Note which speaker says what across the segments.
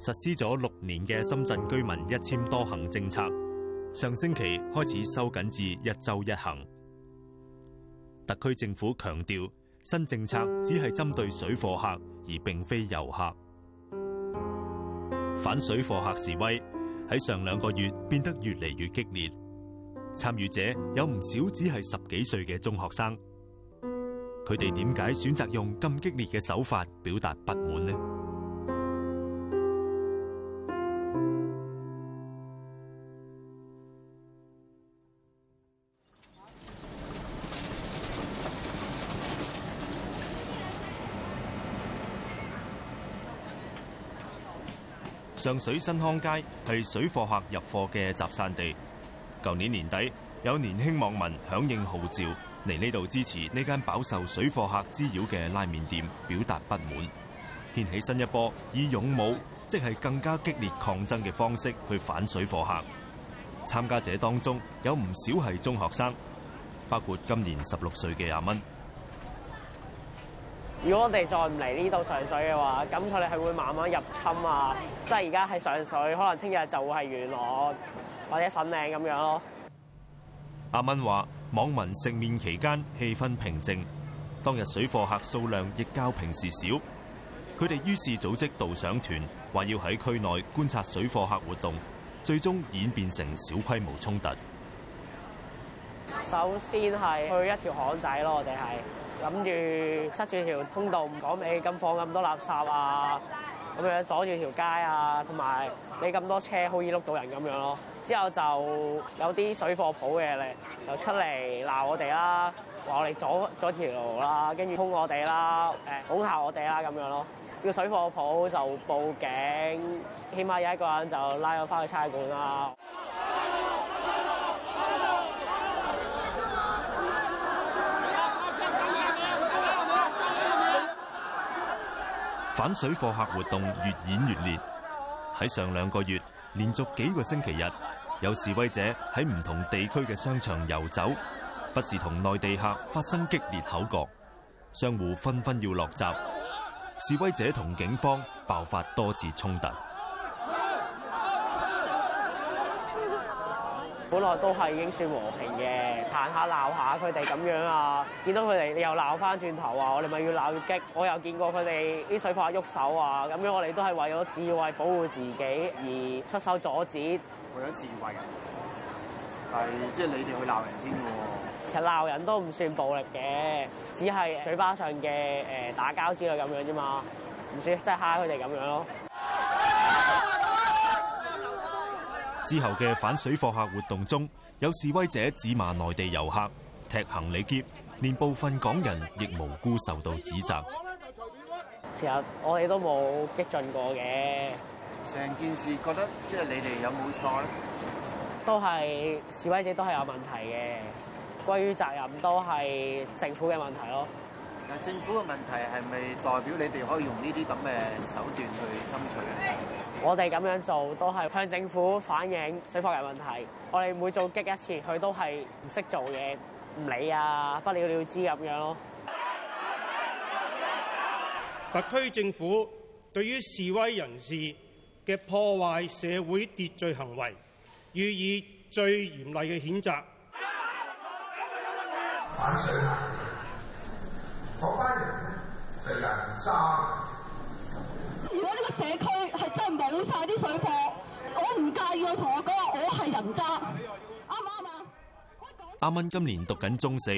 Speaker 1: 實施咗六年嘅深圳居民一簽多行政策，上星期開始收緊至一周一行。特區政府強調，新政策只係針對水貨客，而並非遊客。反水貨客示威喺上兩個月變得越嚟越激烈，參與者有唔少只係十幾歲嘅中學生。佢哋點解選擇用咁激烈嘅手法表達不滿呢？上水新康街係水貨客入貨嘅集散地。舊年年底，有年輕網民響應號召嚟呢度支持呢間飽受水貨客滋擾嘅拉麵店，表達不滿，掀起新一波以勇武，即係更加激烈抗爭嘅方式去反水貨客。參加者當中有唔少係中學生，包括今年十六歲嘅阿蚊。
Speaker 2: 如果我哋再唔嚟呢度上水嘅話，咁佢哋係會慢慢入侵啊！即係而家係上水，可能聽日就會係元朗或者粉嶺咁樣咯。
Speaker 1: 阿蚊話網民食麵期間氣氛平靜，當日水貨客數量亦較平時少，佢哋於是組織導賞團，話要喺區內觀察水貨客活動，最終演變成小規模衝突。
Speaker 2: 首先係去一條巷仔咯，我哋係諗住塞住條通道，唔講畀你咁放咁多垃圾啊，咁樣阻住條街啊，同埋你咁多車好易碌到人咁樣咯。之後就有啲水貨鋪嘅嚟，就出嚟鬧我哋啦，話我哋阻咗條路啦，跟住通我哋啦，誒、哎、恐嚇我哋啦咁樣咯。要、呢個、水貨鋪就報警，起碼有一個人就拉我翻去差館啦。
Speaker 1: 反水貨客活動越演越烈，喺上兩個月連續幾個星期日，有示威者喺唔同地區嘅商場遊走，不時同內地客發生激烈口角，商戶紛紛要落閘，示威者同警方爆發多次衝突。
Speaker 2: 本來都係已經算和平嘅，行下鬧下佢哋咁樣啊！見到佢哋又鬧翻轉頭，啊，我哋咪要鬧越激。我又見過佢哋啲水客喐手啊，咁樣我哋都係為咗自衞保護自己而出手阻止。為咗
Speaker 1: 自衞？係即係你哋去鬧人先喎。
Speaker 2: 其實鬧人都唔算暴力嘅，只係嘴巴上嘅誒、呃、打交之類咁樣啫嘛，唔算即係蝦佢哋咁樣咯。
Speaker 1: 之後嘅反水貨客活動中，有示威者指罵內地遊客踢行李篋，連部分港人亦無辜受到指責。
Speaker 2: 其實我哋都冇激進過嘅。
Speaker 1: 成件事覺得即係你哋有冇錯咧？
Speaker 2: 都係示威者都係有問題嘅，關於責任都係政府嘅問題咯。但係
Speaker 3: 政府嘅問題係咪代表你哋可以用呢啲咁嘅手段去？
Speaker 2: 我哋咁樣做都係向政府反映水貨人問題。我哋每做激一次，佢都係唔識做嘢，唔理啊，不了了之咁樣咯。
Speaker 1: 特區政府對於示威人士嘅破壞社會秩序行為，予以最嚴厲嘅譴責。
Speaker 4: 冇曬啲水貨，我唔介意我同我哥，我係人渣，啱唔
Speaker 1: 啱啊？阿蚊今年讀緊中四，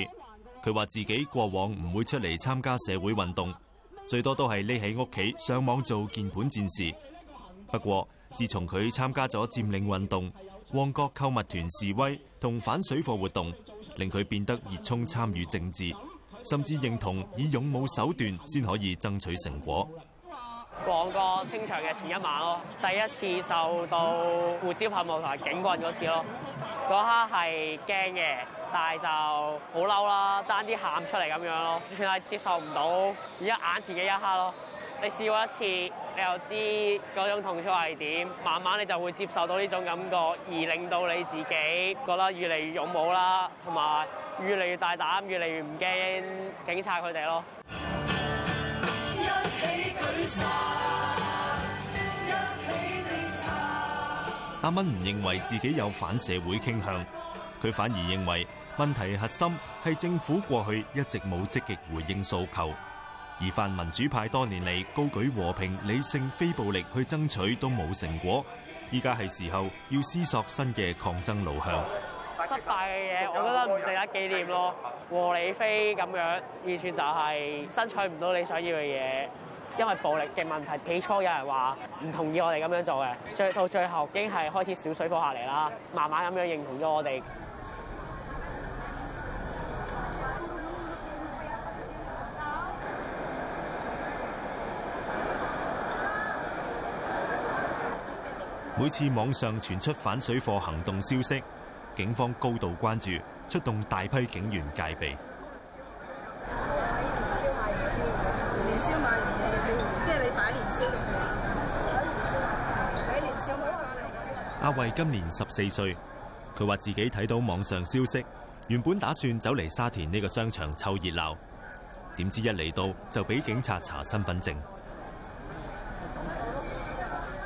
Speaker 1: 佢話自己過往唔會出嚟參加社會運動，最多都係匿喺屋企上網做鍵盤戰士。不過，自從佢參加咗佔領運動、旺角購物團示威同反水貨活動，令佢變得熱衷參與政治，甚至認同以勇武手段先可以爭取成果。
Speaker 2: 旺角清場嘅前一晚咯，第一次受到胡椒噴霧同埋警棍嗰次咯，嗰刻係驚嘅，但係就好嬲啦，爭啲喊出嚟咁樣咯，完全接受唔到而家眼前嘅一刻咯。你試過一次，你又知嗰種痛楚係點，慢慢你就會接受到呢種感覺，而令到你自己覺得越嚟越勇武啦，同埋越嚟越大膽，越嚟越唔驚警察佢哋咯。
Speaker 1: 阿蚊唔認為自己有反社會傾向，佢反而認為問題核心係政府過去一直冇積極回應訴求，而泛民主派多年嚟高舉和平、理性、非暴力去爭取都冇成果，依家係時候要思索新嘅抗爭路向。
Speaker 2: 失敗嘅嘢，我覺得唔值得紀念咯。和理非咁樣，完全就係爭取唔到你想要嘅嘢。因為暴力嘅問題，起初有人話唔同意我哋咁樣做嘅，最到最後已經係開始少水貨下嚟啦，慢慢咁樣認同咗我哋。
Speaker 1: 每次網上傳出反水貨行動消息，警方高度關注，出動大批警員戒備。阿慧今年十四歲，佢話自己睇到網上消息，原本打算走嚟沙田呢個商場湊熱鬧，點知一嚟到就俾警察查身份證。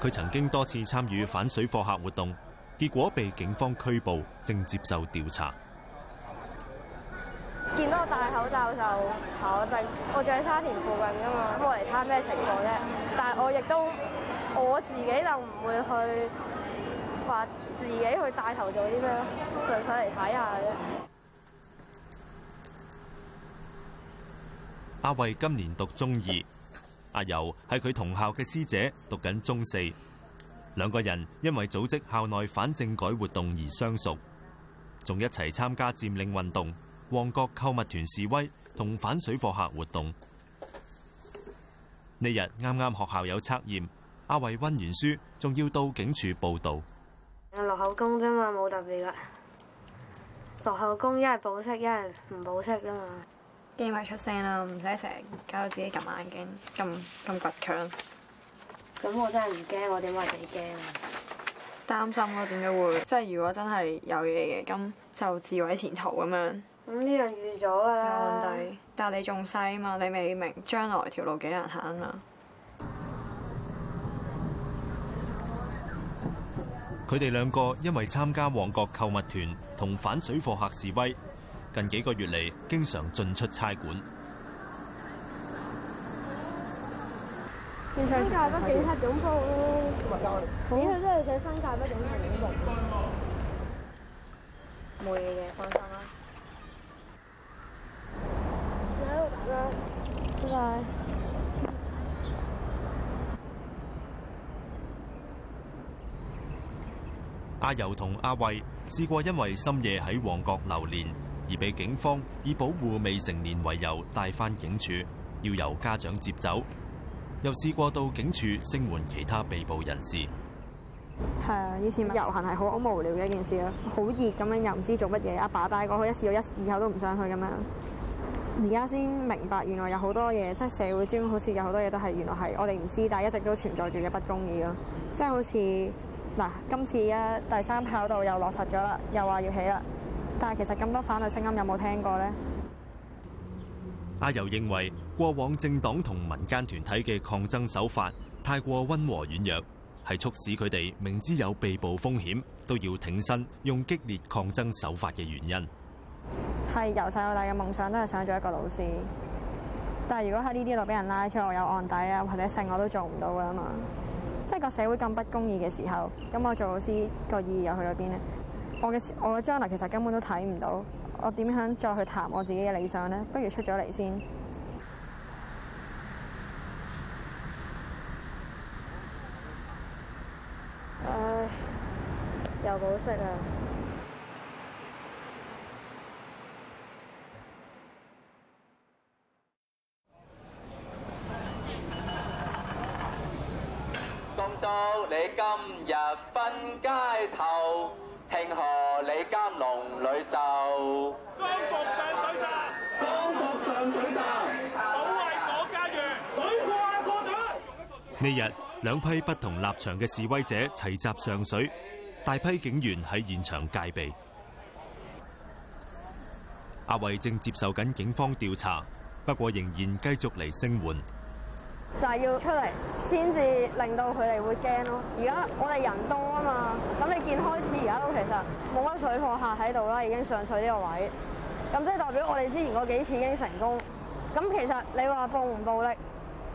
Speaker 1: 佢曾經多次參與反水貨客活動，結果被警方拘捕，正接受調查。
Speaker 5: 見到我戴口罩就查我證，我住喺沙田附近㗎嘛，咁我嚟睇咩情況啫？但係我亦都我自己就唔會去。話自己去帶頭做啲咩咯，純粹嚟睇
Speaker 1: 下。阿慧今年讀中二，阿柔係佢同校嘅師姐，讀緊中四。兩個人因為組織校內反政改活動而相熟，仲一齊參加佔領運動、旺角購物團示威同反水貨客活動。呢日啱啱學校有測驗，阿慧溫完書，仲要到警署報道。
Speaker 5: 落口供啫嘛，冇特別噶。落口供一係保釋，一係唔保釋啫嘛。驚
Speaker 4: 咪出聲啦，唔使成日搞到自己咁眼鏡，咁咁倔強。咁我真係唔驚，我點會幾驚啊？擔心咯，點解會？即係如果真係有嘢嘅，咁就自毀前途咁、嗯、樣。咁呢樣預咗啊。有問題。但係，但係你仲細啊嘛，你未明將來條路幾難行啊。
Speaker 1: 佢哋兩個因為參加旺角購物團同反水貨客示威，近幾個月嚟經常進出差館。
Speaker 5: 新界北警察總部，你去都係睇新界北警察總部。冇嘢嘅，放心啦。拜拜。拜拜。
Speaker 1: 阿柔同阿慧試過，因為深夜喺旺角流連而被警方以保護未成年為由帶翻警署，要由家長接走。又試過到警署聲援其他被捕人士。
Speaker 4: 係啊，以前遊行係好無聊嘅一件事咯，好熱咁樣又唔知做乜嘢。阿爸帶過去一次，到一以後都唔想去咁樣。而家先明白原，原來有好多嘢，即係社會之中，好似有好多嘢都係原來係我哋唔知，但係一直都存在住嘅不公義咯。即係好似。嗱，今次第三跑道又落實咗啦，又話要起啦。但係其實咁多反對聲音有冇聽過咧？
Speaker 1: 阿柔認為，過往政黨同民間團體嘅抗爭手法太過温和軟弱，係促使佢哋明知有被捕風險都要挺身用激烈抗爭手法嘅原因。
Speaker 4: 係由細到大嘅夢想都係想做一個老師，但係如果喺呢啲度俾人拉出嚟有案底啊，或者性我都做唔到噶嘛。即係個社會咁不公義嘅時候，咁我做老師個意義又去咗邊咧？我嘅我嘅將來其實根本都睇唔到，我點樣再去談我自己嘅理想咧？不如出咗嚟先。
Speaker 1: 分街頭，憑何你監籠裏受？光
Speaker 4: 復上水站，光復上水站，保衛我家園，水
Speaker 1: 貨客過站。呢日兩批不同立場嘅示威者齊集上水，大批警員喺現場戒備。阿偉正接受緊警方調查，不過仍然繼續嚟聲援。
Speaker 5: 就係要出嚟先至令到佢哋會驚咯。而家我哋人多啊嘛，咁你見開始而家都其實冇乜水貨客喺度啦，已經上水呢個位。咁即係代表我哋之前嗰幾次已經成功。咁其實你話暴唔暴力，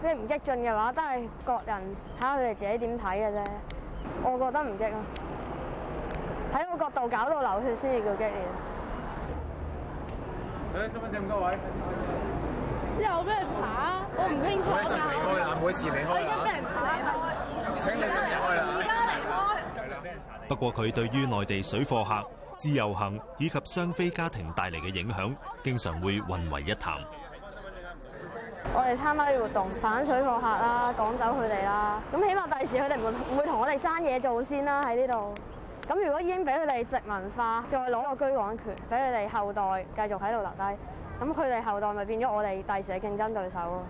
Speaker 5: 即係唔激進嘅話，都係各人睇下佢哋自己點睇嘅啫。我覺得唔激咯，喺個角度搞到流血先至叫
Speaker 2: 激烈，哎。誒，收唔收錢？各位。之後俾佢查？我唔清楚。我而
Speaker 6: 家離開啦！我
Speaker 7: 而家離開啦！我而家離開。
Speaker 1: 不過佢對於內地水貨客、嗯、自由行以及雙非家庭帶嚟嘅影響，經常會混為一談。
Speaker 5: 我哋參加啲活動，反水貨客啦，趕走佢哋啦。咁起碼第時佢哋唔會唔會同我哋爭嘢做先啦，喺呢度。咁如果已經俾佢哋殖民化，再攞個居港權，俾佢哋後代繼續喺度留低。咁佢哋後代咪變咗我哋第時嘅競爭對手咯？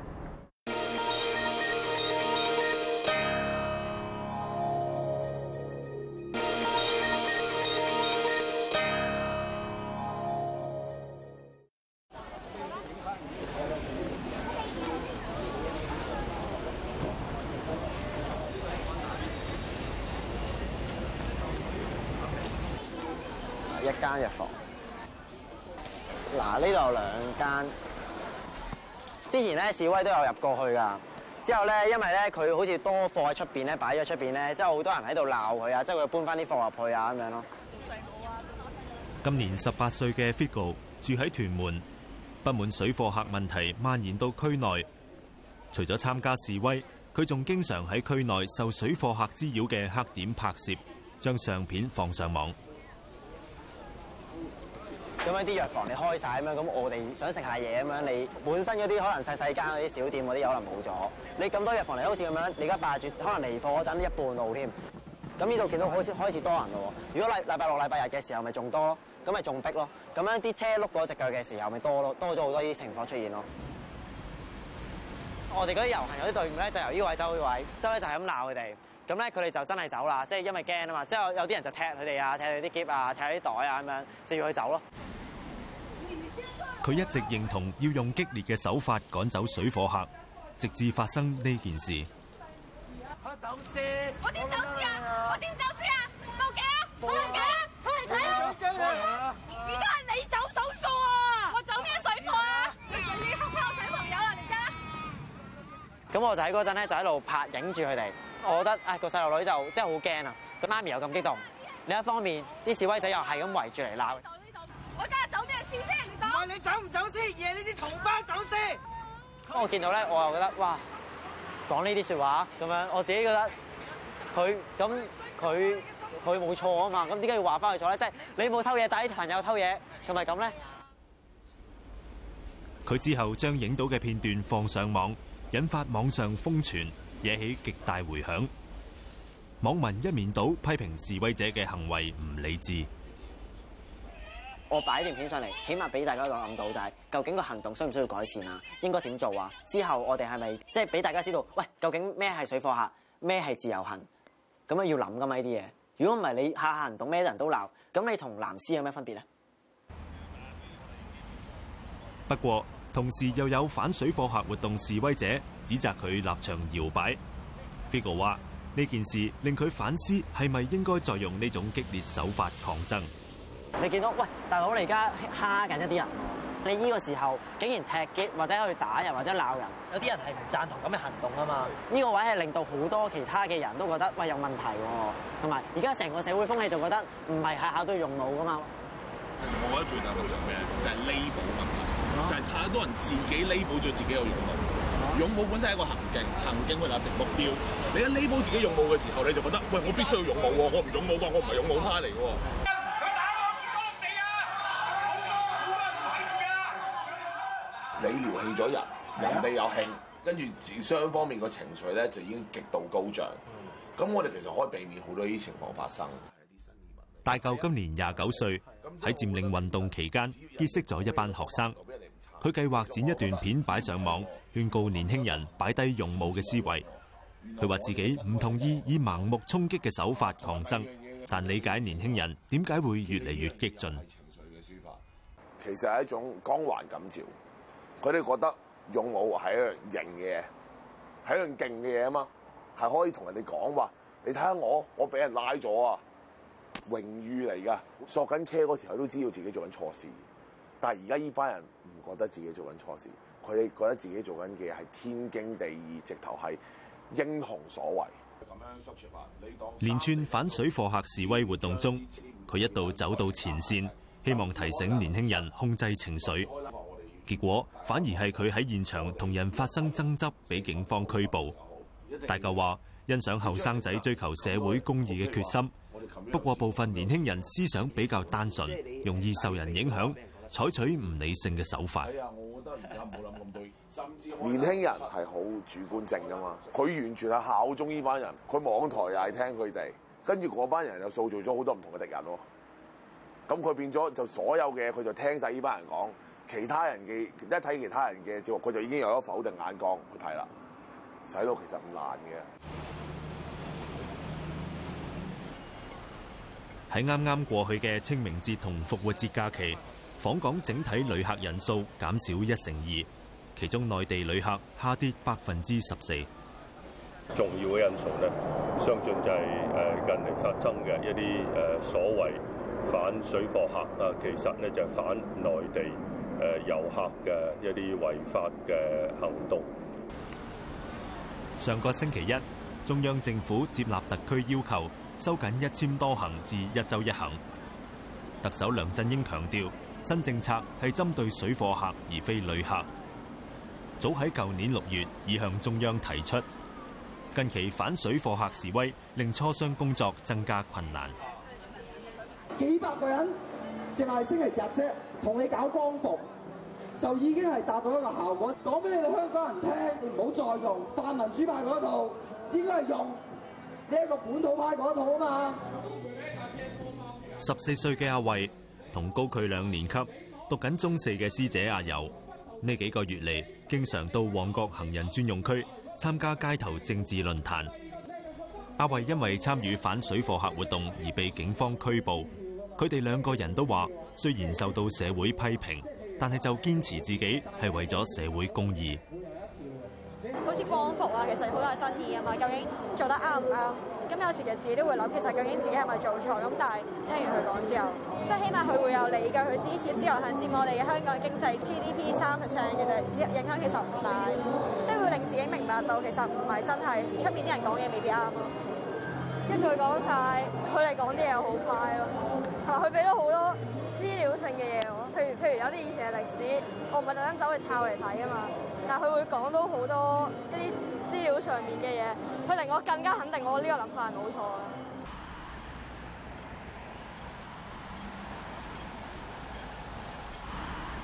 Speaker 3: 一家一房。嗱，呢度有兩間。之前咧示威都有入過去噶。之後咧，因為咧佢好似多貨喺出邊咧，擺咗出邊咧，即係好多人喺度鬧佢啊，即係佢搬翻啲貨入去啊咁樣咯。
Speaker 1: 今年十八歲嘅 Figo 住喺屯門，不滿水貨客問題蔓延到區內，除咗參加示威，佢仲經常喺區內受水貨客滋擾嘅黑點拍攝，將相片放上網。
Speaker 3: 咁樣啲藥房你開晒咩？咁我哋想食下嘢咁樣，你本身嗰啲可能細細間嗰啲小店嗰啲可能冇咗。你咁多藥房嚟，好似咁樣，你而家霸住，可能微貨嗰陣一半路添。咁呢度見到開始開始多人咯。如果禮禮拜六、禮拜日嘅時候，咪仲多咯，咁咪仲逼咯。咁樣啲車碌過隻腳嘅時候，咪多咯，多咗好多啲情況出現咯。我哋嗰啲遊行有啲隊伍咧，就由依位周依位，之咧就係咁鬧佢哋。咁咧佢哋就真係走啦，即係因為驚啊嘛。之後有啲人就踢佢哋啊，踢佢啲喼啊，踢佢啲袋啊咁樣，就要佢走咯。
Speaker 1: 佢一直認同要用激烈嘅手法趕走水貨客，直至發生呢件事。
Speaker 3: 我點走先啊？我點走先啊？報警啊！報警啊！而
Speaker 5: 家係你走手數啊！我走咩水貨啊？你唔知黑差我水貨友啦？
Speaker 3: 點解？咁我就喺嗰陣咧，就喺度拍影住佢哋。我覺得啊，個細路女就真係好驚啊。個媽咪又咁激動，另一方面啲示威仔又係咁圍住嚟鬧。我今日走。你走唔走先？惹呢啲同胞走先。當我見到咧，我又覺得哇，講呢啲説話咁樣，我自己覺得佢咁佢佢冇錯啊嘛，咁點解要話翻佢錯咧？即係你冇偷嘢，但係啲朋友偷嘢，係咪咁咧？
Speaker 1: 佢之後將影到嘅片段放上網，引發網上瘋傳，惹起極大回響。網民一面倒批評示威者嘅行為唔理智。
Speaker 3: 我擺段片上嚟，起碼俾大家一個諗到、就是，就係究竟個行動需唔需要改善啊？應該點做啊？之後我哋係咪即係俾大家知道？喂，究竟咩係水貨客，咩係自由行？咁樣要諗噶嘛？呢啲嘢，如果唔係你下下行動咩人都鬧，咁你同藍絲有咩分別呢？
Speaker 1: 不過，同時又有反水貨客活動示威者指責佢立場搖擺。菲哥話：呢件事令佢反思，係咪應該再用呢種激烈手法抗爭？
Speaker 3: 你見到喂，大佬你而家蝦緊一啲人，你呢個時候竟然踢篋或者去打人或者鬧人，有啲人係唔贊同咁嘅行動㗎嘛？呢是的 個位係令到好多其他嘅人都覺得喂有問題喎，同埋而家成個社會風氣就覺得唔係下下都要用武㗎嘛。我覺得最大嘅一
Speaker 7: 樣嘢就係 label 咁，啊、就係太多人自己 label 咗自己有勇武。啊、勇武本身係一個行徑，行徑會立定目標。你一 label 自己用武嘅時候，你就覺得喂我必須要用武喎，我唔勇武嘅話，我唔係勇武派嚟嘅喎。你撩氣咗人，人哋有興。跟住雙方面個情緒咧，就已經極度高漲。咁、嗯、我哋其實可以避免好多呢啲情況發生。
Speaker 1: 大舊今年廿九歲，喺佔領運動期間結識咗一班學生。佢計劃剪一段片擺上網，勸告年輕人擺低勇武嘅思維。佢話自己唔同意以盲目衝擊嘅手法抗爭，但理解年輕人點解會越嚟越激進。
Speaker 7: 其實，係一種光環感召。佢哋覺得勇武係一樣型嘅嘢，係一樣勁嘅嘢啊嘛，係可以同人哋講話，你睇下我，我俾人拉咗啊，榮譽嚟噶。索緊車嗰時，佢都知道自己做緊錯事。但係而家呢班人唔覺得自己做緊錯事，佢哋覺得自己做緊嘅嘢係天經地義，直頭係英雄所為。
Speaker 1: 連串反水貨客示威活動中，佢一度走到前線，希望提醒年輕人控制情緒。結果反而係佢喺現場同人發生爭執，俾警方拘捕。大舅話：欣賞後生仔追求社會公義嘅決心，不過部分年輕人思想比較單純，容易受人影響，採取唔理性嘅手法。
Speaker 7: 年輕人係好主觀性㗎嘛，佢完全係效忠呢班人，佢網台又係聽佢哋，跟住嗰班人又塑造咗好多唔同嘅敵人喎。咁佢變咗就所有嘅嘢佢就聽晒呢班人講。其他人嘅一睇其他人嘅嘢，佢就已經有咗否定眼光去睇啦。洗腦其實唔難嘅。
Speaker 1: 喺啱啱過去嘅清明節同復活節假期，訪港整體旅客人數減少一成二，其中內地旅客下跌百分之十四。重要嘅因素咧，相信就係誒近年發生嘅一啲誒所謂反水貨客啊，其實咧就係反內地。誒遊客嘅一啲違法嘅行動。上個星期一，中央政府接納特區要求，收緊一簽多行至一周一行。特首梁振英強調，新政策係針對水貨客而非旅客，早喺舊年六月已向中央提出。近期反水貨客示威，令磋商工作增加困難。
Speaker 4: 幾百個人。淨係星期日啫，同你搞光復，就已經係達到一個效果。講俾你哋香港人聽，你唔好再用泛民主派嗰套，應該係用呢一個本土派嗰套啊嘛。
Speaker 1: 十四歲嘅阿慧同高佢兩年級、讀緊中四嘅師姐阿柔，呢幾個月嚟經常到旺角行人專用區參加街頭政治論壇。阿慧因為參與反水貨客活動而被警方拘捕。佢哋兩個人都話，雖然受到社會批評，但係就堅持自己係為咗社會公義。
Speaker 4: 好似光復啊，其實好有爭議啊嘛。究竟做得啱唔啱？咁有時其實自己都會諗，其實究竟自己係咪做錯？咁但係聽完佢講之後，即係起碼佢會有理㗎，佢支持，之後係佔我哋嘅香港經濟 GDP 三 percent，其實影響其實唔大，即係會令自己明白到其實唔係真係出面啲人講嘢未必啱咯。一句講晒，佢哋講啲嘢好快咯，佢俾咗好多資料
Speaker 5: 性嘅嘢喎。譬如譬如有啲以前嘅歷史，我唔係特登走去抄嚟睇啊嘛。但係佢會講到好多一啲資料上面嘅嘢，佢令我更加肯定我呢個諗法係冇錯
Speaker 7: 嘅。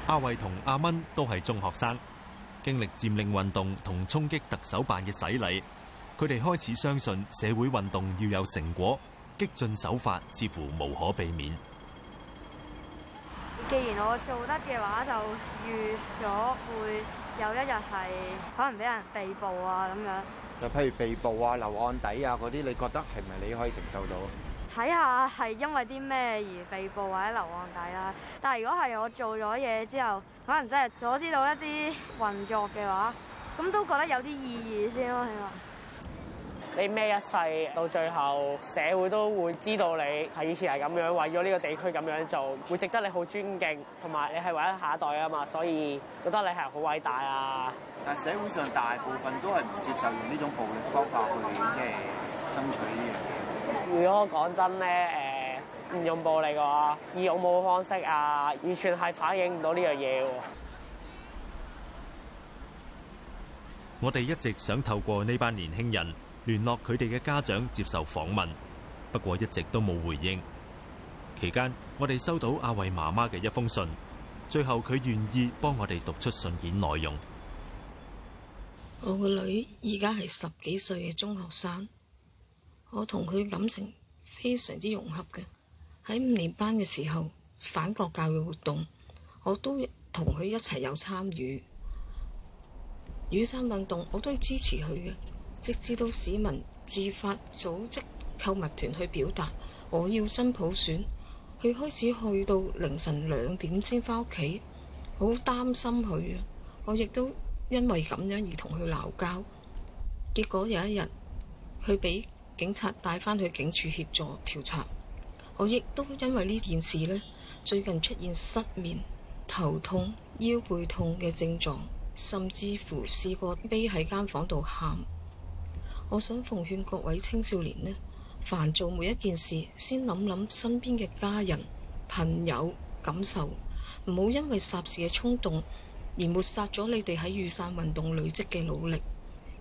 Speaker 1: 阿慧同阿蚊都係中學生，經歷佔領運動同衝擊特首辦嘅洗禮。佢哋開始相信社會運動要有成果，激進手法似乎無可避免。
Speaker 5: 既然我做得嘅話，就預咗會有一日係可能俾人被捕啊咁樣。
Speaker 3: 就譬如被捕啊、留案底啊嗰啲，你覺得係咪你可以承受到？
Speaker 5: 睇下係因為啲咩而被捕或者留案底啦、啊。但係如果係我做咗嘢之後，可能真係阻止到一啲運作嘅話，咁都覺得有啲意義先、啊、咯，起
Speaker 2: 你咩一世到最後，社會都會知道你係以前係咁樣，為咗呢個地區咁樣做，會值得你好尊敬，同埋你係為咗下一代啊嘛，所以覺得你係好偉大啊！但社會上大部分都係唔接受用呢種暴力方法去即係、就是、爭取呢樣嘢。如果講真咧，呃，唔用暴力嘅話，以武冇方式啊，完全係反映唔到呢樣嘢喎。
Speaker 1: 我哋一直想透過呢班年輕人。聯絡佢哋嘅家長接受訪問，不過一直都冇回應。期間，我哋收到阿慧媽媽嘅一封信，最後佢願意幫我哋讀出信件內容。
Speaker 6: 我個女而家係十幾歲嘅中學生，我同佢感情非常之融洽嘅。喺五年班嘅時候，反國教育活動，我都同佢一齊有參與。雨傘運動，我都支持佢嘅。直至到市民自發組織購物團去表達我要新普選，佢開始去到凌晨兩點先翻屋企，好擔心佢啊！我亦都因為咁樣而同佢鬧交，結果有一日佢俾警察帶翻去警署協助調查，我亦都因為呢件事呢，最近出現失眠、頭痛、腰背痛嘅症狀，甚至乎試過匿喺間房度喊。我想奉勸各位青少年呢，凡做每一件事，先諗諗身邊嘅家人、朋友感受，唔好因為霎時嘅衝動而抹殺咗你哋喺雨傘運動累積嘅努力，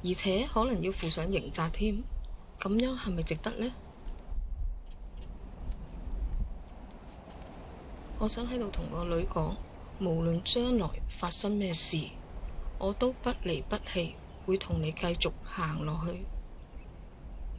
Speaker 6: 而且可能要負上刑責添。咁樣係咪值得呢？我想喺度同我女講，無論將來發生咩事，我都不離不棄，會同你繼續行落去。